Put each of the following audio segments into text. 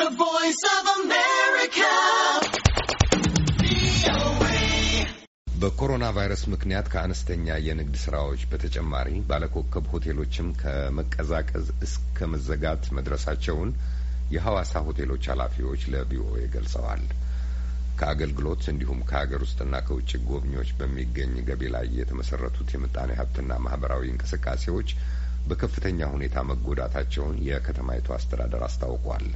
The Voice of America. በኮሮና ቫይረስ ምክንያት ከአነስተኛ የንግድ ስራዎች በተጨማሪ ባለኮከብ ሆቴሎችም ከመቀዛቀዝ እስከ መዘጋት መድረሳቸውን የሐዋሳ ሆቴሎች ኃላፊዎች ለቪኦኤ ገልጸዋል። ከአገልግሎት እንዲሁም ከሀገር ውስጥና ከውጭ ጎብኚዎች በሚገኝ ገቢ ላይ የተመሰረቱት የምጣኔ ሀብትና ማህበራዊ እንቅስቃሴዎች በከፍተኛ ሁኔታ መጎዳታቸውን የከተማይቱ አስተዳደር አስታውቋል።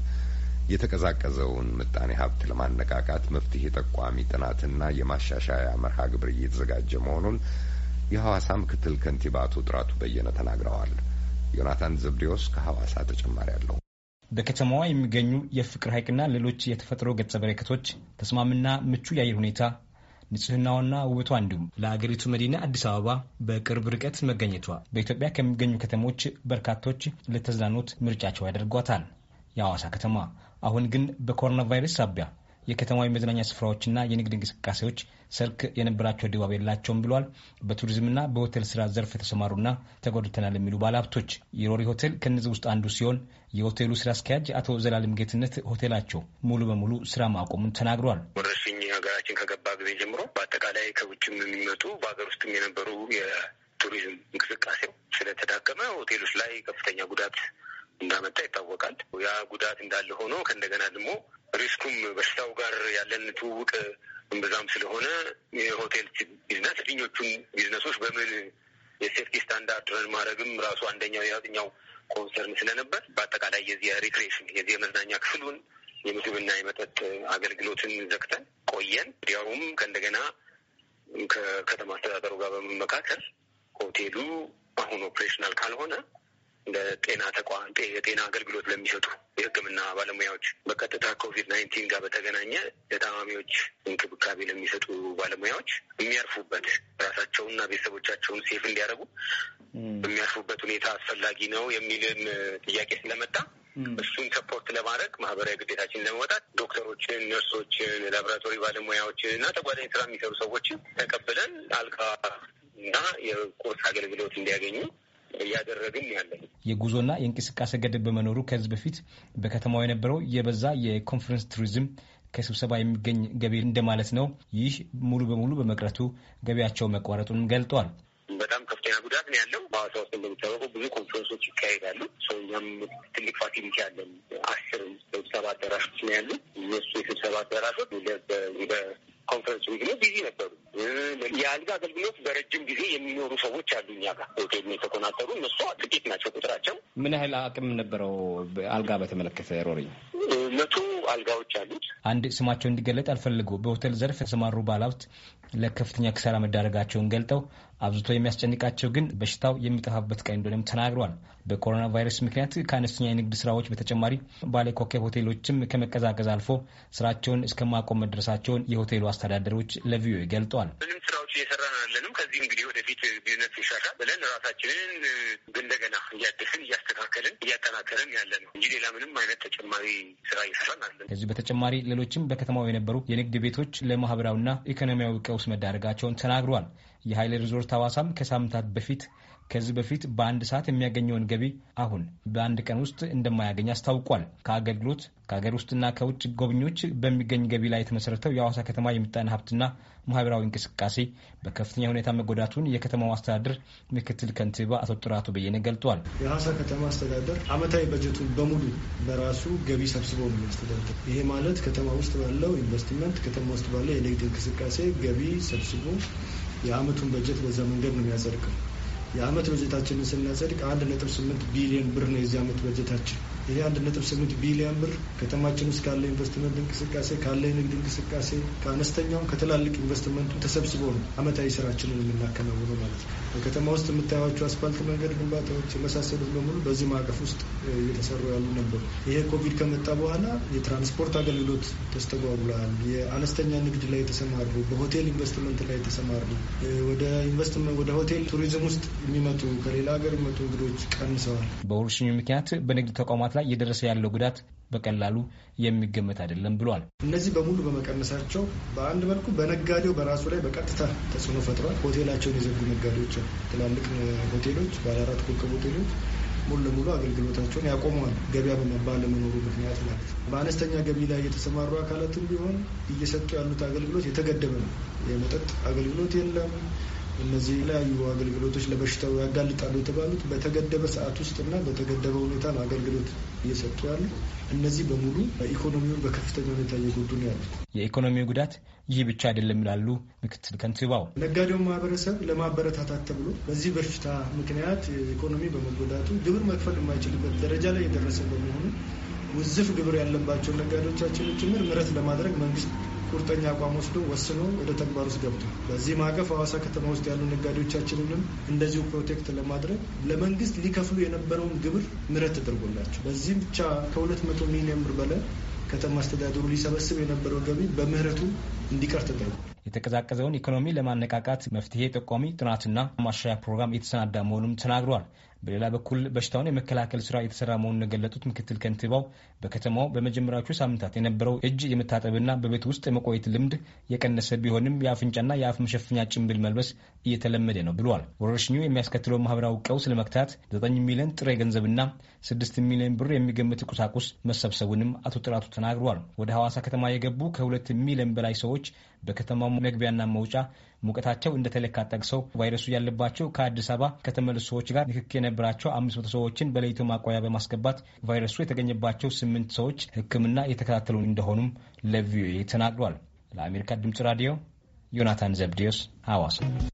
የተቀዛቀዘውን ምጣኔ ሀብት ለማነቃቃት መፍትሄ ጠቋሚ ጥናትና የማሻሻያ መርሃ ግብር እየተዘጋጀ መሆኑን የሐዋሳ ምክትል ከንቲባ አቶ ጥራቱ በየነ ተናግረዋል። ዮናታን ዘብዴዎስ ከሐዋሳ ተጨማሪ አለው። በከተማዋ የሚገኙ የፍቅር ሐይቅና ሌሎች የተፈጥሮ ገጸ በረከቶች ተስማምና ምቹ የአየር ሁኔታ ንጽህናዋና ውበቷ እንዲሁም ለአገሪቱ መዲና አዲስ አበባ በቅርብ ርቀት መገኘቷ በኢትዮጵያ ከሚገኙ ከተሞች በርካቶች ለተዝናኖት ምርጫቸው ያደርጓታል። የሐዋሳ ከተማ አሁን ግን በኮሮና ቫይረስ ሳቢያ የከተማዊ መዝናኛ ስፍራዎችና የንግድ እንቅስቃሴዎች ሰርክ የነበራቸው ድባብ የላቸውም ብሏል። በቱሪዝምና በሆቴል ስራ ዘርፍ የተሰማሩና ተጎድተናል የሚሉ ባለሀብቶች የሮሪ ሆቴል ከነዚህ ውስጥ አንዱ ሲሆን የሆቴሉ ስራ አስኪያጅ አቶ ዘላለም ጌትነት ሆቴላቸው ሙሉ በሙሉ ስራ ማቆሙን ተናግሯል። ወረርሽኝ ሀገራችን ከገባ ጊዜ ጀምሮ በአጠቃላይ ከውጭም የሚመጡ በሀገር ውስጥም የነበሩ የቱሪዝም እንቅስቃሴ ስለተዳከመ ሆቴሎች ላይ ከፍተኛ ጉዳት እንዳመጣ ይታወቃል። ያ ጉዳት እንዳለ ሆኖ ከእንደገና ደግሞ ሪስኩም በሽታው ጋር ያለን ትውውቅ እምብዛም ስለሆነ የሆቴል ቢዝነስ የትኞቹን ቢዝነሶች በምን የሴፍቲ ስታንዳርድ ረን ማድረግም ራሱ አንደኛው የያጥኛው ኮንሰርን ስለነበር በአጠቃላይ የዚህ የሪክሬሽን የዚህ የመዝናኛ ክፍሉን የምግብና የመጠጥ አገልግሎትን ዘግተን ቆየን። እንዲያውም ከእንደገና ከከተማ አስተዳደሩ ጋር በመመካከል ሆቴሉ አሁን ኦፕሬሽናል ካልሆነ እንደ ጤና ተቋም የጤና አገልግሎት ለሚሰጡ የሕክምና ባለሙያዎች በቀጥታ ኮቪድ ናይንቲን ጋር በተገናኘ ለታማሚዎች እንክብካቤ ለሚሰጡ ባለሙያዎች የሚያርፉበት ራሳቸውንና ቤተሰቦቻቸውን ሴፍ እንዲያደርጉ የሚያርፉበት ሁኔታ አስፈላጊ ነው የሚልም ጥያቄ ስለመጣ እሱን ሰፖርት ለማድረግ ማህበራዊ ግዴታችን ለመወጣት ዶክተሮችን፣ ነርሶችን፣ ላቦራቶሪ ባለሙያዎችን እና ተጓዳኝ ስራ የሚሰሩ ሰዎችን ተቀብለን አልጋ እና የቁርስ አገልግሎት እንዲያገኙ እያደረግን ያለ የጉዞና የእንቅስቃሴ ገደብ በመኖሩ ከዚህ በፊት በከተማው የነበረው የበዛ የኮንፈረንስ ቱሪዝም ከስብሰባ የሚገኝ ገቢ እንደማለት ነው። ይህ ሙሉ በሙሉ በመቅረቱ ገቢያቸው መቋረጡን ገልጧል። በጣም ከፍተኛ ጉዳት ነው ያለው። በሐዋሳ ውስጥ እንደሚታወቀው ብዙ ኮንፈረንሶች ይካሄዳሉ። ሰው እኛም ትልቅ ፋሲሊቲ ያለን አስር ስብሰባ አዳራሾች ነው ያሉ። እነሱ የስብሰባ አዳራሾች በኮንፈረንስ ዊግ ነው ቢዚ ነበሩ። የአልጋ አገልግሎት በረጅም ጊዜ የሚኖሩ ሰዎች አሉ። እኛ ጋር ሆቴል የተኮናተሩ እነሱ ጥቂት ናቸው ቁጥራቸው። ምን ያህል አቅም ነበረው አልጋ በተመለከተ ሮሪ? መቶ አልጋዎች አሉት። አንድ ስማቸው እንዲገለጥ አልፈልጉ በሆቴል ዘርፍ የተሰማሩ ባለሀብት ለከፍተኛ ኪሳራ መዳረጋቸውን ገልጠው አብዝቶ የሚያስጨንቃቸው ግን በሽታው የሚጠፋበት ቀን እንደሆነም ተናግሯል። በኮሮና ቫይረስ ምክንያት ከአነስተኛ የንግድ ስራዎች በተጨማሪ ባለኮከብ ሆቴሎችም ከመቀዛቀዝ አልፎ ስራቸውን እስከ ማቆም መድረሳቸውን የሆቴሉ አስተዳደሮች ለቪኦኤ ገልጠዋል። ነው ያለንም። ከዚህ እንግዲህ ወደፊት ቢዝነስ ይሻሻል ብለን ራሳችንን እንደገና እያደስን እያስተካከልን እያጠናከርን ያለ ነው እንጂ ሌላ ምንም አይነት ተጨማሪ ስራ እየሰራን አለን። ከዚህ በተጨማሪ ሌሎችም በከተማው የነበሩ የንግድ ቤቶች ለማህበራዊና ኢኮኖሚያዊ ቀውስ መዳረጋቸውን ተናግሯል። የሀይል ሪዞርት ሀዋሳም ከሳምንታት በፊት ከዚህ በፊት በአንድ ሰዓት የሚያገኘውን ገቢ አሁን በአንድ ቀን ውስጥ እንደማያገኝ አስታውቋል። ከአገልግሎት ከሀገር ውስጥና ከውጭ ጎብኚዎች በሚገኝ ገቢ ላይ የተመሰረተው የሐዋሳ ከተማ የምጣኔ ሀብትና ማህበራዊ እንቅስቃሴ በከፍተኛ ሁኔታ መጎዳቱን የከተማው አስተዳደር ምክትል ከንቲባ አቶ ጥራቱ በየነ ገልጧል። የሐዋሳ ከተማ አስተዳደር አመታዊ በጀቱን በሙሉ በራሱ ገቢ ሰብስቦ ነው የሚያስተዳድር። ይሄ ማለት ከተማ ውስጥ ባለው ኢንቨስትመንት፣ ከተማ ውስጥ ባለው የንግድ እንቅስቃሴ ገቢ ሰብስቦ የአመቱን በጀት በዛ መንገድ ነው የሚያዘርቀው። የአመት በጀታችንን ስናጸድቅ አንድ ነጥብ ስምንት ቢሊዮን ብር ነው የዚህ አመት በጀታችን ይሄ አንድ ነጥብ ስምንት ቢሊዮን ብር ከተማችን ውስጥ ካለ ኢንቨስትመንት እንቅስቃሴ ካለ የንግድ እንቅስቃሴ ከአነስተኛውም ከትላልቅ ኢንቨስትመንቱ ተሰብስቦ ነው አመታዊ ስራችንን የምናከናውነው ማለት ነው። በከተማ ውስጥ የምታያቸው አስፋልት መንገድ ግንባታዎች የመሳሰሉት በሙሉ በዚህ ማዕቀፍ ውስጥ እየተሰሩ ያሉ ነበሩ። ይሄ ኮቪድ ከመጣ በኋላ የትራንስፖርት አገልግሎት ተስተጓጉሏል። የአነስተኛ ንግድ ላይ የተሰማሩ በሆቴል ኢንቨስትመንት ላይ የተሰማሩ ወደ ኢንቨስትመንት ወደ ሆቴል ቱሪዝም ውስጥ የሚመጡ ከሌላ ሀገር የሚመጡ እንግዶች ቀንሰዋል። በወረርሽኙ ምክንያት በንግድ ተቋማት ላይ እየደረሰ ያለው ጉዳት በቀላሉ የሚገመት አይደለም ብሏል። እነዚህ በሙሉ በመቀነሳቸው በአንድ መልኩ በነጋዴው በራሱ ላይ በቀጥታ ተጽዕኖ ፈጥሯል። ሆቴላቸውን የዘጉ ነጋዴዎች፣ ትላልቅ ሆቴሎች፣ ባለአራት ኮከብ ሆቴሎች ሙሉ ለሙሉ አገልግሎታቸውን ያቆመዋል። ገበያ በመባል ለመኖሩ ምክንያት ማለት ነው። በአነስተኛ ገቢ ላይ የተሰማሩ አካላትም ቢሆን እየሰጡ ያሉት አገልግሎት የተገደበ ነው። የመጠጥ አገልግሎት የለም። እነዚህ የተለያዩ አገልግሎቶች ለበሽታው ያጋልጣሉ የተባሉት በተገደበ ሰዓት ውስጥ እና በተገደበ ሁኔታ ነው አገልግሎት እየሰጡ ያሉ። እነዚህ በሙሉ ኢኮኖሚውን በከፍተኛ ሁኔታ እየጎዱ ነው ያሉት። የኢኮኖሚው ጉዳት ይህ ብቻ አይደለም ይላሉ ምክትል ከንቲባው። ነጋዴው ማህበረሰብ ለማበረታታት ተብሎ በዚህ በሽታ ምክንያት ኢኮኖሚ በመጎዳቱ ግብር መክፈል የማይችልበት ደረጃ ላይ የደረሰ በመሆኑ ውዝፍ ግብር ያለባቸው ነጋዴዎቻችን ጭምር ምረት ለማድረግ መንግስት ቁርጠኛ አቋም ወስዶ ወስኖ ወደ ተግባር ውስጥ ገብቷል። በዚህ ማዕቀፍ ሐዋሳ ከተማ ውስጥ ያሉ ነጋዴዎቻችንንም እንደዚሁ ፕሮቴክት ለማድረግ ለመንግስት ሊከፍሉ የነበረውን ግብር ምህረት ተደርጎላቸው በዚህም ብቻ ከሁለት መቶ ሚሊዮን ብር በላይ ከተማ አስተዳደሩ ሊሰበስብ የነበረው ገቢ በምህረቱ እንዲቀር ተደርጓል። የተቀዛቀዘውን ኢኮኖሚ ለማነቃቃት መፍትሄ ጠቋሚ ጥናትና ማሻያ ፕሮግራም የተሰናዳ መሆኑም ተናግሯል። በሌላ በኩል በሽታውን የመከላከል ስራ የተሰራ መሆኑን የገለጡት ምክትል ከንቲባው በከተማው በመጀመሪያዎቹ ሳምንታት የነበረው እጅ የመታጠብና በቤት ውስጥ የመቆየት ልምድ የቀነሰ ቢሆንም የአፍንጫና የአፍ መሸፈኛ ጭንብል መልበስ እየተለመደ ነው ብለዋል። ወረርሽኙ የሚያስከትለው ማህበራዊ ቀውስ ለመክታት 9 ሚሊዮን ጥሬ ገንዘብና 6 ሚሊዮን ብር የሚገምት ቁሳቁስ መሰብሰቡንም አቶ ጥራቱ ተናግረዋል። ወደ ሐዋሳ ከተማ የገቡ ከሁለት ሚሊዮን በላይ ሰዎች በከተማው መግቢያና መውጫ ሙቀታቸው እንደተለካ ጠቅሰው ቫይረሱ ያለባቸው ከአዲስ አበባ ከተመለሱ ሰዎች ጋር ንክክ የነበራቸው አምስት መቶ ሰዎችን በለይቶ ማቆያ በማስገባት ቫይረሱ የተገኘባቸው ስምንት ሰዎች ሕክምና የተከታተሉ እንደሆኑም ለቪኦኤ ተናግሯል። ለአሜሪካ ድምጽ ራዲዮ ዮናታን ዘብዴዎስ ሐዋሳ